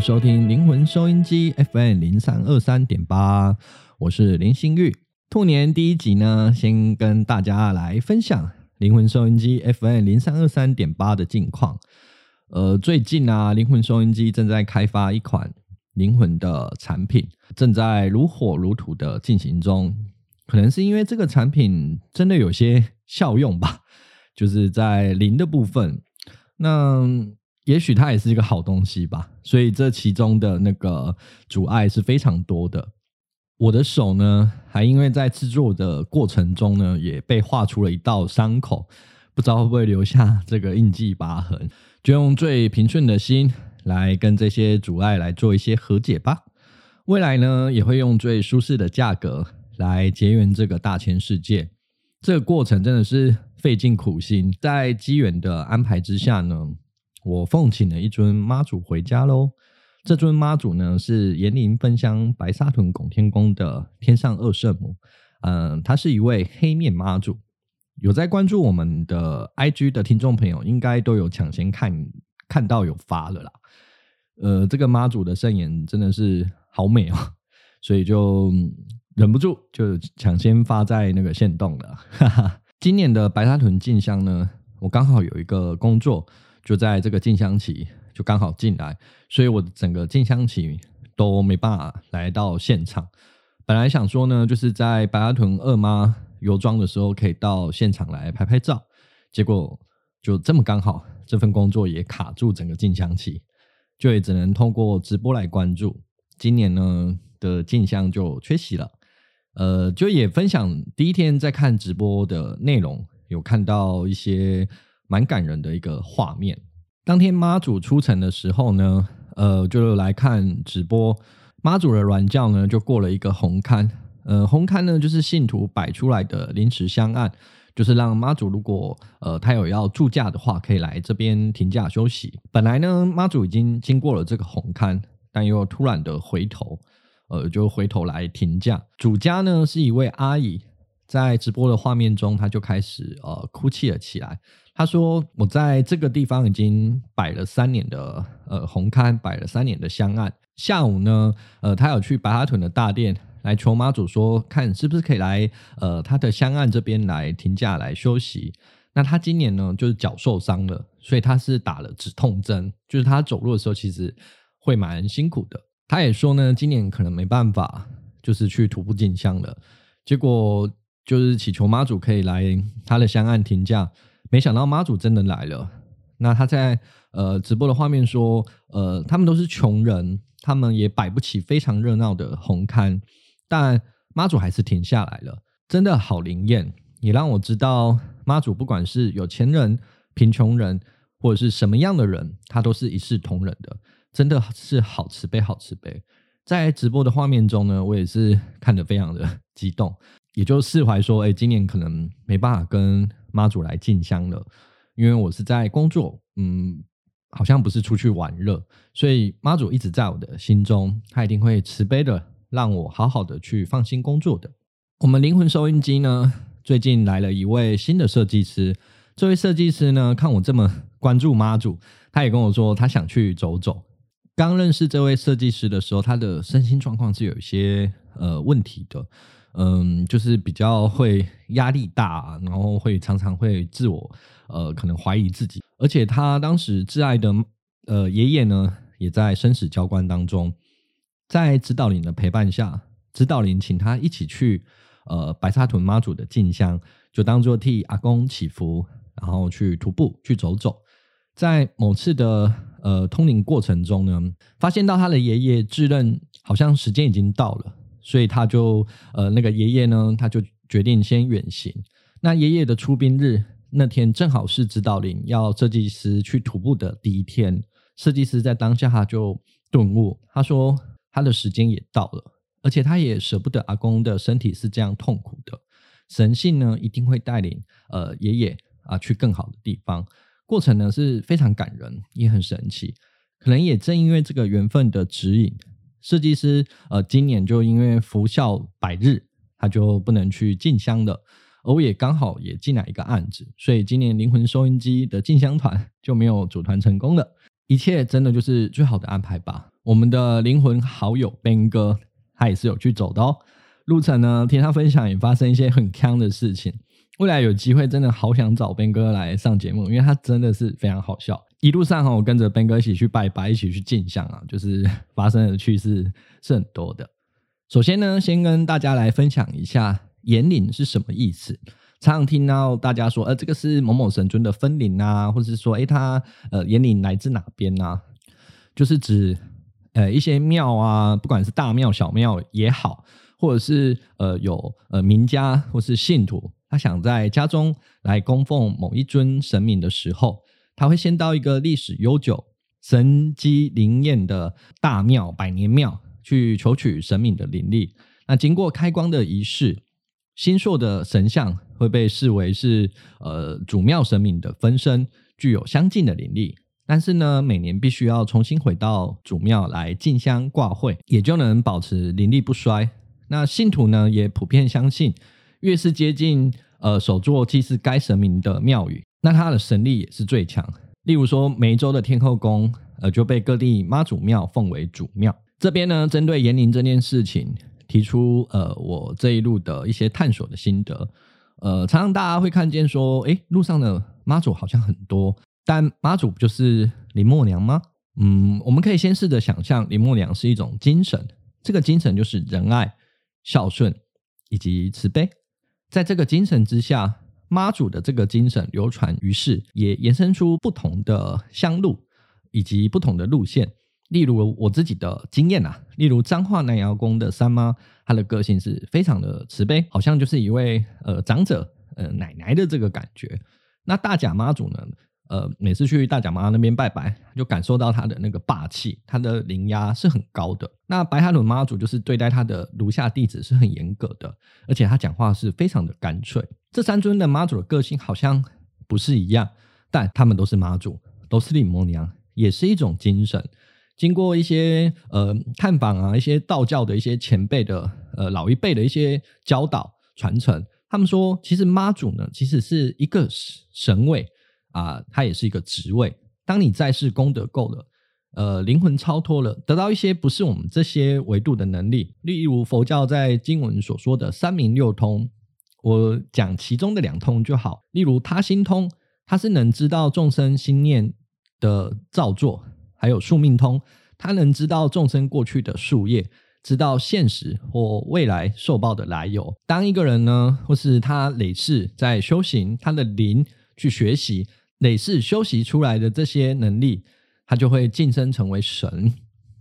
收聽靈魂收音機 FM 零三二三點八，我是林心玉。兔年第一集呢，先跟大家來分享靈魂收音機 FM 零三二三點八的近況。呃，最近啊，靈魂收音機正在開發一款靈魂的產品，正在如火如荼的進行中。可能是因為這個產品真的有些效用吧，就是在靈的部分，那，也許它也是一個好東西吧，所以這其中的那個阻礙是非常多的。我的手呢，還因為在制作的過程中呢，也被劃出了一道傷口，不知道會不會留下這個印記疤痕。就用最平順的心來跟這些阻礙來做一些和解吧。未來呢，也會用最舒適的價格來結緣這個大千世界。這個過程真的是費盡苦心，在機緣的安排之下呢。我奉請了一尊媽祖回家嘍。這尊媽祖呢，是延靈分香白沙屯拱天宮的天上二聖母。嗯、呃，她是一位黑面媽祖。有在關注我們的 I G 的聽眾朋友，應該都有搶先看看到有發了啦。呃，這個媽祖的聖顏真的是好美哦，所以就、嗯、忍不住就搶先發在那個限動了。哈哈。今年的白沙屯進香呢，我剛好有一個工作，就在這個進香期，就剛好進來，所以我整個進香期都沒辦法來到現場。本來想說呢，就是在白沙屯二媽遊莊的時候，可以到現場來拍拍照。結果就這麼剛好，這份工作也卡住整個進香期，就也只能通過直播來關注。今年呢的進香就缺席了，呃，就也分享第一天在看直播的內容，有看到一些蠻感人的一個畫面。當天媽祖出城的時候呢，呃，就來看直播。媽祖的軟轎呢，就過了一個紅龕。呃，紅龕呢，就是信徒擺出來的臨時香案，就是讓媽祖如果呃她，有要駐駕的話，可以來這邊停駕休息。本來呢，媽祖已經經過了這個紅龕，但又突然的回頭，呃，就回頭來停駕。主家呢，是一位阿姨，在直播的畫面中，她就開始呃哭泣了起來。他說：“我在這個地方已經擺了三年的呃紅龕，擺了三年的香案。下午呢，呃，他有去白沙屯的大殿來求媽祖，說看是不是可以來呃他的香案這邊來停駕來休息。那他今年呢，就是腳受傷了，所以他是打了止痛針，就是他走路的時候其實會蠻辛苦的。他也說呢，今年可能沒辦法，就是去徒步進香了。結果就是祈求媽祖可以來他的香案停駕。”沒想到媽祖真的來了。那他在呃直播的畫面說，呃，他們都是窮人，他們也擺不起非常熱鬧的紅刊。但媽祖還是停下來了，真的好靈驗，也讓我知道媽祖不管是有錢人、貧窮人或者是什麼樣的人，他都是一視同仁的，真的是好慈悲，好慈悲。在直播的畫面中呢，我也是看得非常的激動，也就釋懷說，哎，今年可能沒辦法跟。媽祖來進香了，因為我是在工作，嗯，好像不是出去玩了，所以媽祖一直在我的心中，她一定會慈悲的讓我好好的去放心工作的。我們靈魂收音機呢，最近來了一位新的設計師，這位設計師呢，看我這麼關注媽祖，她也跟我說她想去走走。剛認識這位設計師的時候，她的身心狀況是有一些呃問題的。嗯，就是比較會壓力大，然後會常常會自我呃，可能懷疑自己。而且他當時摯愛的呃爺爺呢，也在生死交關當中，在指導靈的陪伴下，指導靈請他一起去呃白沙屯媽祖的進香，就當作替阿公祈福，然後去徒步去走走。在某次的呃通靈過程中呢，發現到他的爺爺自認好像時間已經到了。所以他就呃，那個爺爺呢，他就決定先遠行。那爺爺的出殯日那天，正好是指導靈要設計師去徒步的第一天。設計師在當下他就頓悟，他說他的時間也到了，而且他也舍不得阿公的身體是這樣痛苦的。神性呢，一定會帶領呃爺爺啊去更好的地方。過程呢，是非常感人，也很神奇。可能也正因為這個緣分的指引。設計師呃，今年就因為服孝百日，他就不能去進香的。而我也剛好也進來一個案子，所以今年靈魂收音機的進香團就沒有組團成功的。一切真的就是最好的安排吧。我們的靈魂好友邊哥，他也是有去走的哦。路程呢，聽他分享也發生一些很坑的事情。未來有機會，真的好想找邊哥來上節目，因為他真的是非常好笑。一路上我，哦、跟着斌哥一起去拜拜，一起去進香啊，就是發生的趣事是很多的。首先呢，先跟大家來分享一下“延靈”是什麼意思。常常聽到大家說，呃，這個是某某神尊的分靈啊，或者是說，誒、欸，他呃延靈來自哪邊啊？就是指呃一些廟啊，不管是大廟小廟也好，或者是呃有呃名家或是信徒，他想在家中來供奉某一尊神明的時候。他會先到一個歷史悠久、神機靈驗的大廟（百年廟）去求取神明的靈力。那經過開光的儀式，新塑的神像會被視為是呃主廟神明的分身，具有相近的靈力。但是呢，每年必須要重新回到主廟來進香掛會，也就能保持靈力不衰。那信徒呢，也普遍相信，越是接近呃首座祭祀該神明的廟宇。那它的神力也是最強，例如說湄洲的天後宮，呃，就被各地媽祖廟奉為主廟。這邊呢，針對延靈這件事情，提出呃，我這一路的一些探索的心得。呃，常常大家會看見說，誒、欸，路上的媽祖好像很多，但媽祖不就是林默娘嗎？嗯，我們可以先試着想象，林默娘是一種精神，這個精神就是仁愛、孝順以及慈悲，在這個精神之下。媽祖的這個精神流傳於世，也延伸出不同的香路以及不同的路線。例如我自己的經驗吶、啊，例如彰化南瑤宮的三媽，她的個性是非常的慈悲，好像就是一位呃長者、呃奶奶的這個感覺。那大甲媽祖呢？呃，每次去大甲媽那邊拜拜，就感受到她的那個霸氣，她的靈壓是很高的。那白沙屯媽祖就是對待她的爐下弟子是很嚴格的，而且她講話是非常的乾脆。這三尊的媽祖的個性好像不是一樣，但他們都是媽祖，都是林默娘，也是一種精神。經過一些呃探訪啊，一些道教的一些前輩的呃老一輩的一些教導傳承，他們說，其實媽祖呢，其實是一個神位。啊，它也是一個職位。當你在世功德夠了，呃，靈魂超脫了，得到一些不是我們這些維度的能力，例如佛教在經文所說的三明六通，我講其中的兩通就好。例如他心通，他是能知道眾生心念的造作；還有宿命通，他能知道眾生過去的宿業，知道現實或未來受報的來由。當一個人呢，或是他累世在修行，他的靈去學習。累世修習出來的這些能力，他就會晉升成為神。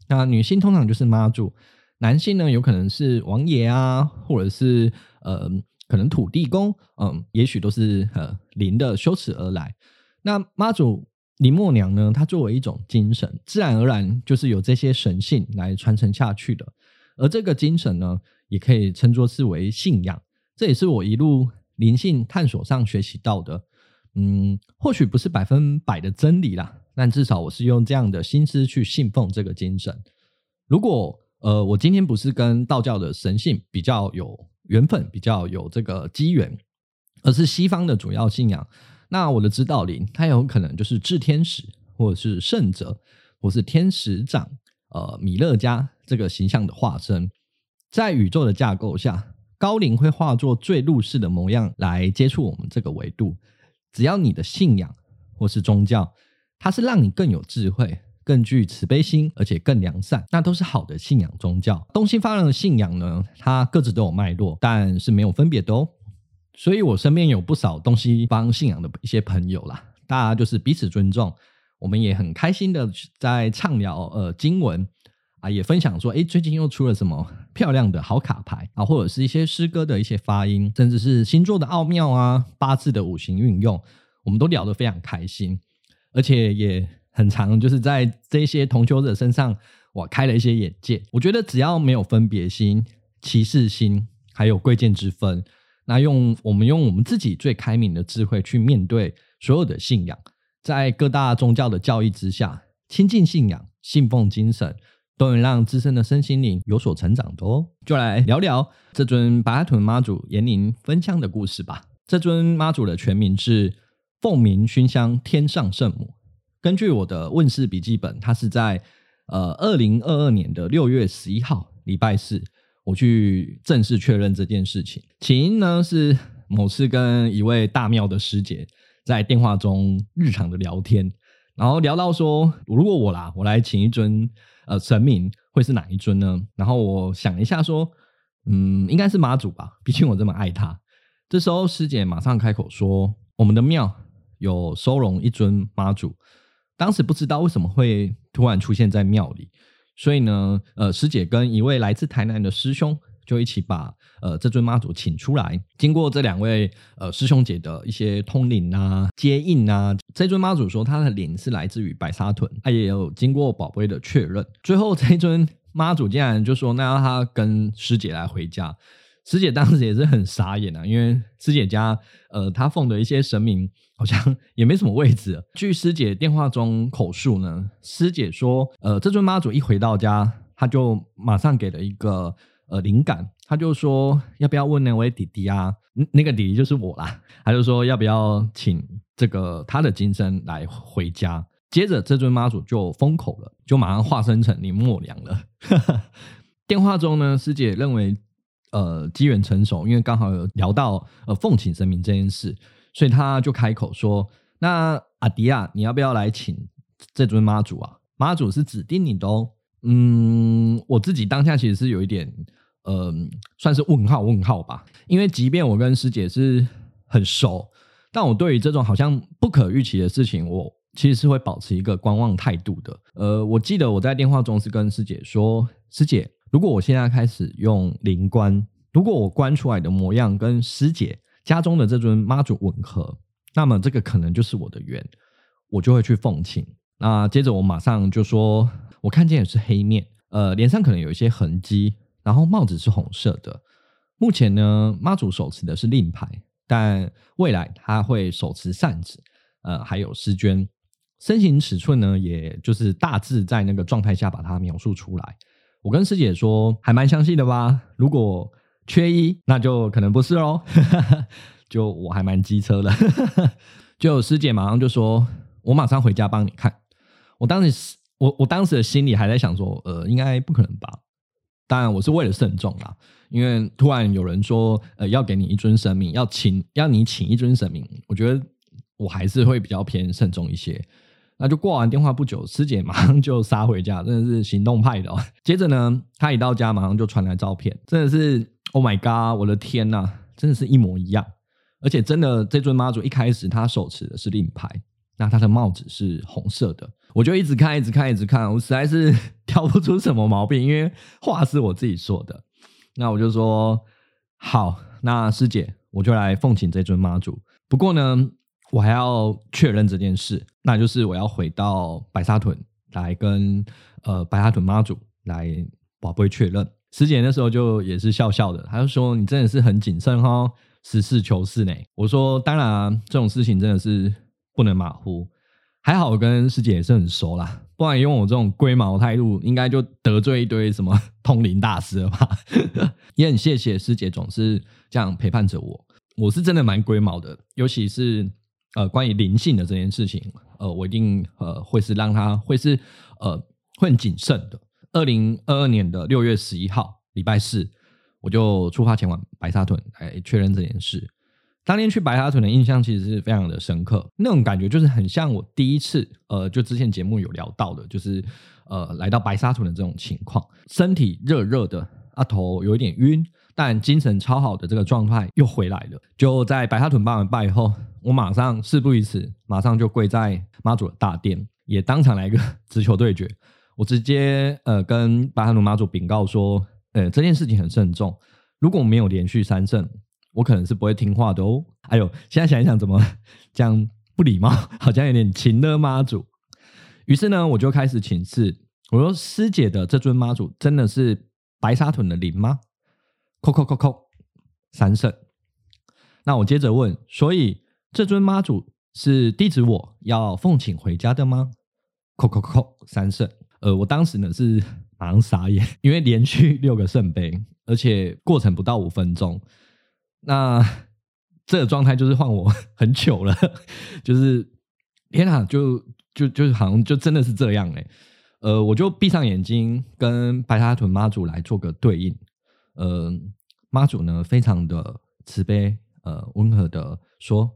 那女性通常就是媽祖，男性呢有可能是王爺啊，或者是呃，可能土地公。嗯、呃，也許都是呃靈的修持而來。那媽祖林默娘呢，她作為一種精神，自然而然就是有這些神性來傳承下去的。而這個精神呢，也可以稱作是為信仰。這也是我一路靈性探索上學習到的。嗯，或許不是百分百的真理啦，但至少我是用這樣的心思去信奉這個精神。如果呃，我今天不是跟道教的神性比較有緣分，比較有這個機緣，而是西方的主要信仰，那我的指導靈它有可能就是熾天使，或者是聖者，或是天使長，呃，米迦勒這個形象的化身，在宇宙的架構下，高靈會化作最入世的模樣來接觸我們這個維度。只要你的信仰或是宗教，它是讓你更有智慧、更具慈悲心，而且更良善，那都是好的信仰宗教。東西方的信仰呢，它各自都有脈絡，但是沒有分別的哦。所以，我身邊有不少東西方信仰的一些朋友啦，大家就是彼此尊重，我們也很開心的在暢聊，呃，經文。啊，也分享說，哎，最近又出了什麼漂亮的好卡牌啊，或者是一些詩歌的一些發音，甚至是星座的奧妙啊，八字的五行運用，我們都聊得非常開心，而且也很常就是在這些同修者身上，我開了一些眼界。我覺得只要沒有分別心、歧視心，還有貴賤之分，那用我們用我們自己最開明的智慧去面對所有的信仰，在各大宗教的教義之下，親近信仰，信奉精神。都能讓自身的身心靈有所成長的哦，就來聊聊這尊白沙屯媽祖延靈分香的故事吧。這尊媽祖的全名是鳳銘熏香天上聖母。根據我的問事筆記本，它是在呃二零二二年的六月十一號禮拜四，我去正式確認這件事情。起因呢是某次跟一位大廟的師姐在電話中日常的聊天，然後聊到說，如果我啦，我來請一尊。呃，神明會是哪一尊呢？然後我想一下說，嗯，應該是媽祖吧，畢竟我這麼愛她。這時候師姐馬上開口說，我們的廟有收容一尊媽祖，當時不知道為什麼會突然出現在廟裡，所以呢，呃，師姐跟一位來自台南的師兄，就一起把呃這尊媽祖請出來。經過這兩位呃師兄姐的一些通靈啊、接應啊，這尊媽祖說他的靈是來自於白沙屯，他也有經過寶貝的確認。最後這尊媽祖竟然就說：“那要他跟師姐來回家。”師姐當時也是很傻眼啊，因為師姐家呃她奉的一些神明好像也沒什麼位置。據師姐電話中口述呢，師姐說：“呃這尊媽祖一回到家，他就馬上給了一個。”呃，靈感，他就說要不要問那位弟弟啊？那，那個弟弟就是我啦。他就說要不要請這個他的金身來回家？接着這尊媽祖就封口了，就馬上化身成林默娘了。 電話中呢，師姐認為呃機緣成熟，因為剛好有聊到呃奉請神明這件事，所以他就開口說：“那阿迪啊，你要不要來請這尊媽祖啊？媽祖是指定你的哦。”嗯，我自己當下其實是有一點，呃，算是問號問號吧。因為即便我跟師姐是很熟，但我對於這種好像不可預期的事情，我其實是會保持一個觀望態度的。呃，我記得我在電話中是跟師姐說：“師姐，如果我現在開始用靈觀，如果我觀出來的模樣跟師姐家中的這尊媽祖吻合，那麼這個可能就是我的緣，我就會去奉請。”那接着我馬上就說。我看見也是黑面，呃，臉上可能有一些痕跡，然後帽子是紅色的。目前呢，媽祖手持的是令牌，但未來她會手持扇子，呃，還有師絹。身形尺寸呢，也就是大致在那個狀態下把它描述出來。我跟師姐說，還蠻相信的吧？如果缺一，那就可能不是嘍。 就我還蠻機車的， 就師姐馬上就說，我馬上回家幫你看。我當時。我我當時的心裡還在想說，呃，應該不可能吧？當然，我是為了慎重啦，因為突然有人說，呃，要給你一尊神明，要請，要你請一尊神明，我覺得我還是會比較偏慎重一些。那就掛完電話不久，師姐馬上就殺回家，真的是行動派的喔。接着呢，她一到家，馬上就傳來照片，真的是 Oh my God！我的天吶，真的是一模一樣。而且真的這尊媽祖一開始她手持的是令牌。那他的帽子是紅色的，我就一直看，一直看，一直看，我實在是挑不出什麼毛病，因為話是我自己說的。那我就說好，那師姐，我就來奉請這尊媽祖。不過呢，我還要確認這件事，那就是我要回到白沙屯來跟呃白沙屯媽祖來博杯確認。師姐那時候就也是笑笑的，他就說你真的是很謹慎哈、哦，實事求是呢。我說當然，啊，這種事情真的是不能馬虎，還好我跟師姐也是很熟啦，不然用我這種龜毛態度，應該就得罪一堆什麼通靈大師了吧？ 也很謝謝師姐總是這樣陪伴着我，我是真的蠻龜毛的，尤其是呃關於靈性的這件事情，呃我一定呃會是讓他會是呃會很謹慎的。二零二二年的六月十一號，禮拜四，我就出發前往白沙屯來確認這件事。當天去白沙屯的印象其實是非常的深刻，那種感覺就是很像我第一次，呃，就之前節目有聊到的，就是呃，來到白沙屯的這種情況，身體熱熱的，阿、啊、頭有一點暈，但精神超好的這個狀態又回來了。就在白沙屯拜完拜以後，我馬上事不宜遲，馬上就跪在媽祖的大殿，也當場來一個直球對決，我直接呃跟白沙屯媽祖禀告說，呃，這件事情很慎重，如果我沒有連續三聖。我可能是不會聽話的哦。哎呦，現在想一想，怎麼這樣不禮貌，好像有點請的媽祖。於是呢，我就開始請示，我說：“師姐的這尊媽祖真的是白沙屯的靈嗎？”扣扣扣扣，三聖。那我接着問，所以這尊媽祖是弟子我要奉請回家的嗎？扣扣扣，三聖。呃，我當時呢是馬上傻眼，因為連續六個聖杯，而且過程不到五分鐘。那這個狀態就是換我很久了，就是天啊，就就就是好像就真的是這樣哎，欸，呃，我就閉上眼睛，跟白沙屯媽祖來做個對應。呃，媽祖呢非常的慈悲，呃，溫和的說，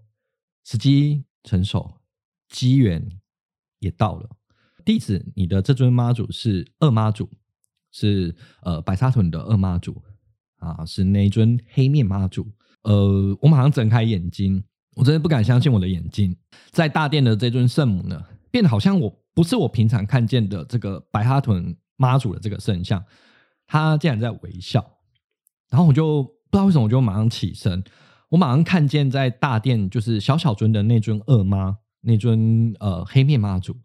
時機成熟，機緣也到了，弟子，你的這尊媽祖是二媽祖，是呃白沙屯的二媽祖啊，是那尊黑面媽祖。呃，我馬上睜開眼睛，我真的不敢相信我的眼睛，在大殿的這尊聖母呢，變得好像我不是我平常看見的這個白沙屯媽祖的這個聖像，她竟然在微笑。然後我就不知道為什麼，我就馬上起身，我馬上看見在大殿就是小小尊的那尊二媽，那尊呃黑面媽祖，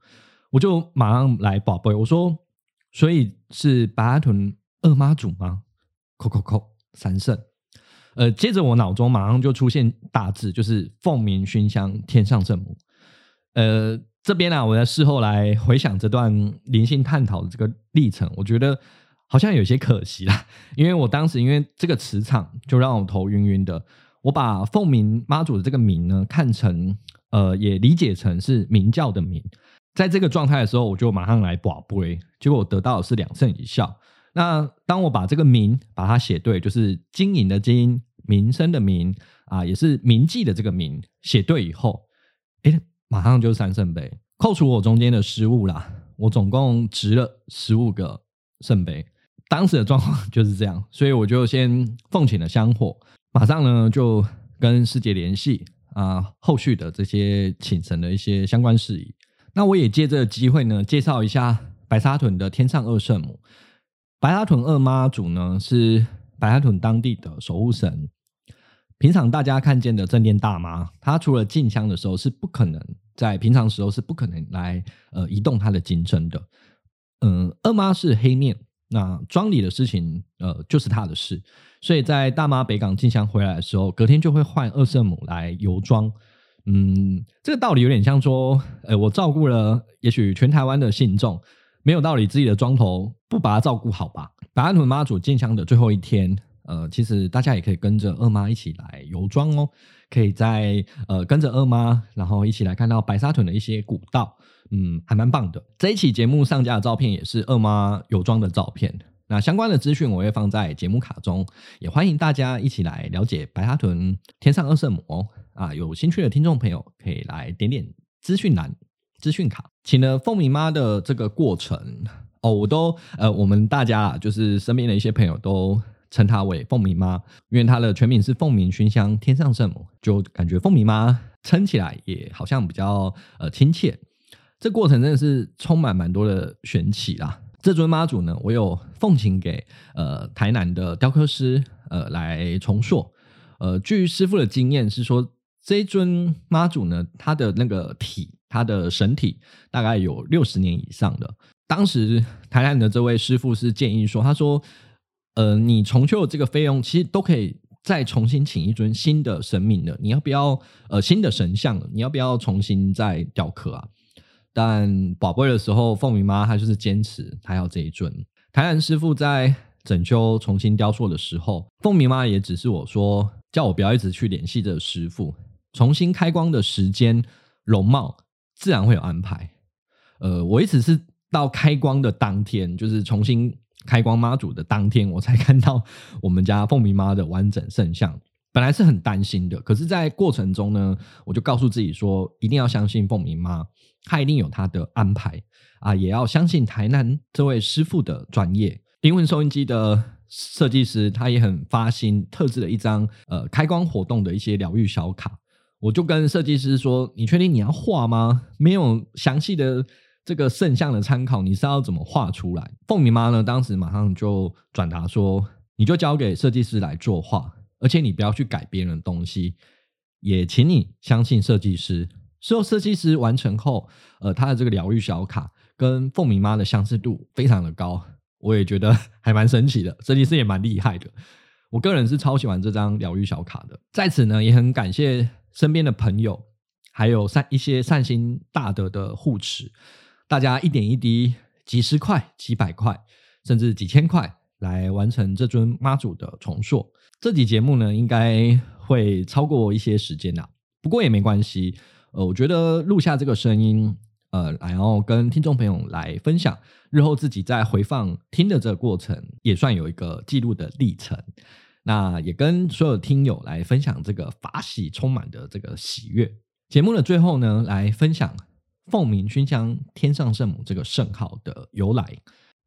我就馬上來報備，我說，所以是白沙屯二媽祖嗎？扣扣扣，三聖。呃，接着我腦中馬上就出現大字，就是“鳳銘薰香，天上聖母”。呃，這邊呢、啊，我在事後來回想這段靈性探討的這個歷程，我覺得好像有些可惜啦，因為我當時因為這個磁場就讓我頭暈暈的。我把“鳳銘媽祖”的這個名呢，看成呃，也理解成是鳴叫的鳴。在這個狀態的時候，我就馬上來跋杯，結果我得到的是兩聖一笑。那當我把這個“銘”把它寫對，就是經營的“經”、民生的“民”啊，也是銘記的這個“銘”寫對以後，哎，馬上就三聖杯。扣除我中間的失誤啦，我總共擲了十五個聖杯。當時的狀況就是這樣，所以我就先奉請了香火，馬上呢就跟師姐聯繫啊，後續的這些請神的一些相關事宜。那我也借這個機會呢，介紹一下白沙屯的天上二聖母。白沙屯二媽祖呢，是白沙屯當地的守護神。平常大家看見的正殿大媽，她除了進香的時候，是不可能在平常時候是不可能來呃移動她的金身的。嗯，二媽是黑面，那莊裡的事情呃就是她的事，所以在大媽北港進香回來的時候，隔天就會換二聖母來遊莊。嗯，這個道理有點像說，欸，我照顧了也許全台灣的信眾。沒有道理，自己的莊頭不把它照顧好吧？白沙屯媽祖進香的最後一天，呃，其實大家也可以跟着二媽一起來遊莊哦，可以再呃跟着二媽，然後一起來看到白沙屯的一些古道，嗯，還蠻棒的。這一期節目上架的照片也是二媽遊莊的照片，那相關的資訊我會放在節目卡中，也歡迎大家一起來了解白沙屯天上二聖母哦。啊，有興趣的聽眾朋友可以來點點資訊欄。資訊卡，請了鳳銘媽的這個過程哦，我都呃，我們大家啊就是身邊的一些朋友都稱她為鳳銘媽，因為她的全名是鳳銘薰香天上聖母，就感覺鳳銘媽稱起來也好像比較呃親切。這過程真的是充滿蠻多的玄奇啦。這尊媽祖呢，我有奉請給呃台南的雕刻師呃來重塑。呃，據師傅的經驗是說，這尊媽祖呢，她的那個體。他的神體大概有六十年以上的。當時台南的這位師傅是建議說：“他說，呃，你重修的這個費用，其實都可以再重新請一尊新的神明的。你要不要呃新的神像？你要不要重新再雕刻啊？”但寶貝的時候，鳳銘媽她就是堅持，她要這一尊。台南師傅在整修重新雕塑的時候，鳳銘媽也指示我說叫我不要一直去聯繫這個師傅，重新開光的時間、容貌。自然會有安排。呃，我一直是到開光的當天，就是重新開光媽祖的當天，我才看到我們家鳳銘媽的完整聖像。本來是很擔心的，可是，在過程中呢，我就告訴自己說，一定要相信鳳銘媽，她一定有她的安排啊、呃！也要相信台南這位師傅的專業。靈魂收音機的設計師，他也很發心，特制了一張呃開光活動的一些療癒小卡。我就跟設計師說：“你確定你要畫嗎？沒有詳細的這個聖像的參考，你是要怎麼畫出來？”鳳銘媽呢，當時馬上就轉達說：“你就交給設計師來作畫，而且你不要去改別人的東西，也請你相信設計師。”所有設計師完成後，呃，他的這個療癒小卡跟鳳銘媽的相似度非常的高，我也覺得還蠻神奇的，設計師也蠻厲害的。我個人是超喜歡這張療癒小卡的，在此呢也很感謝身邊的朋友，還有善一些善心大德的護持，大家一點一滴幾十塊、幾百塊，甚至幾千塊來完成這尊媽祖的重塑。這集節目呢應該會超過一些時間吶、啊，不過也沒關係。呃，我覺得錄下這個聲音，呃，然後跟聽眾朋友來分享，日後自己再回放聽的這個過程，也算有一個記錄的歷程。那也跟所有聽友來分享這個法喜充滿的這個喜悅。節目的最後呢，來分享鳳銘薰香天上聖母這個聖號的由來。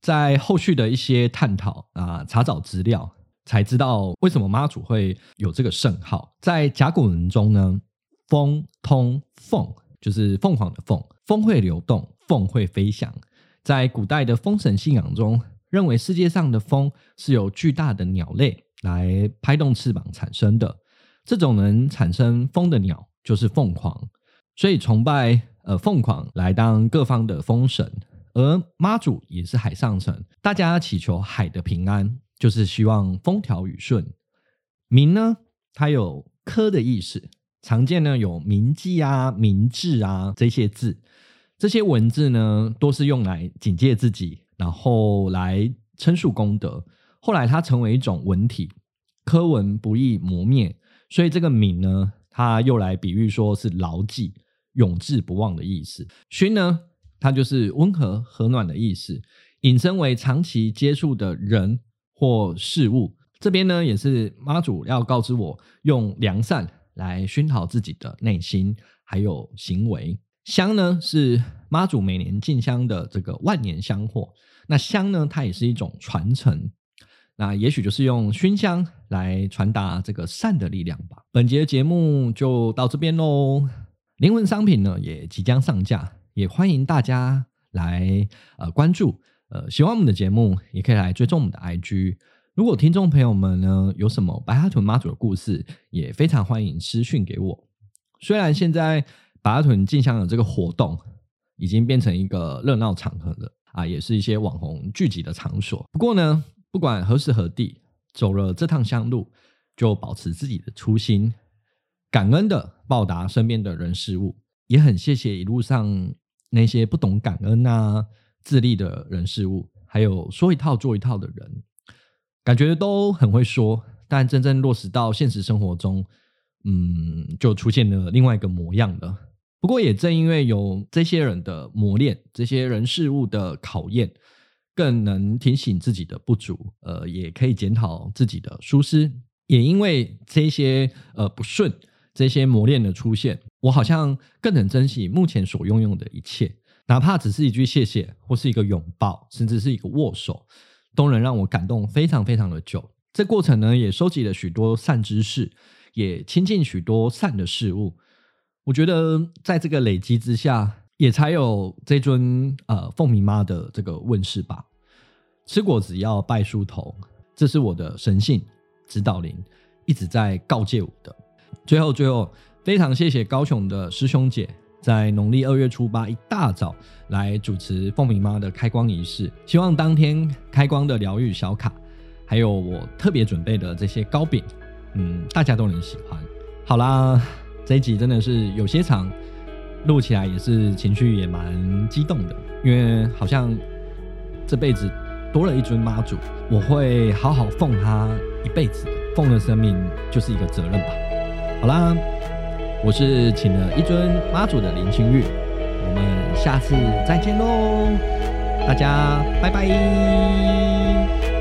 在後續的一些探討啊，查找資料才知道為什麼媽祖會有這個聖號。在甲骨文中呢，風通鳳，就是鳳凰的鳳。風會流動，鳳會飛翔。在古代的風神信仰中，認為世界上的風是有巨大的鳥類。來拍動翅膀產生的這種能產生風的鳥就是鳳凰，所以崇拜呃鳳凰來當各方的風神，而媽祖也是海上神，大家祈求海的平安，就是希望風調雨順。銘呢，它有刻的意思，常見呢有銘記啊、銘誌啊這些字，這些文字呢都是用來警戒自己，然後來稱述功德。後來它成為一種文體，科文不易磨滅，所以這個「銘」呢，它又來比喻說是牢記、永志不忘的意思。薰呢，它就是溫和、和暖的意思，引申為長期接觸的人或事物。這邊呢，也是媽祖要告知我，用良善來熏陶自己的內心還有行為。香呢，是媽祖每年進香的這個萬年香火。那香呢，它也是一種傳承。那也許就是用熏香來傳達這個善的力量吧。本集的節目就到這邊嘍。靈魂商品呢也即將上架，也歡迎大家來呃關注，呃喜歡我們的節目也可以來追蹤我們的 IG。如果聽眾朋友們呢有什麼白沙屯媽祖的故事，也非常歡迎私訊給我。雖然現在白沙屯進香的這個活動已經變成一個熱鬧場合了啊，也是一些網紅聚集的場所。不過呢。不管何時何地，走了這趟香路，就保持自己的初心，感恩的報答身邊的人事物，也很謝謝一路上那些不懂感恩啊、自立的人事物，還有說一套做一套的人，感覺都很會說，但真正落實到現實生活中，嗯，就出現了另外一個模樣了。不過也正因為有這些人的磨練，這些人事物的考驗。更能提醒自己的不足，呃，也可以檢討自己的疏失。也因為這些呃不順，這些磨練的出現，我好像更能珍惜目前所擁有的一切，哪怕只是一句謝謝，或是一個擁抱，甚至是一個握手，都能讓我感動非常非常的久。這過程呢，也收集了許多善知識，也親近許多善的事物。我覺得在這個累積之下，也才有這尊呃鳳銘媽的這個問世吧。吃果子要拜樹頭，這是我的神性指導靈一直在告誡我的。最後最後，非常謝謝高雄的師兄姐，在農曆二月初八一大早來主持鳳銘媽的開光儀式。希望當天開光的療癒小卡，還有我特別準備的這些糕餅，嗯，大家都能喜歡。好啦，這一集真的是有些長。錄起來也是情緒也蠻激動的，因為好像這輩子多了一尊媽祖，我會好好奉他一輩子，奉了生命就是一個責任吧。好啦，我是請了一尊媽祖的林清月，我們下次再見嘍，大家拜拜。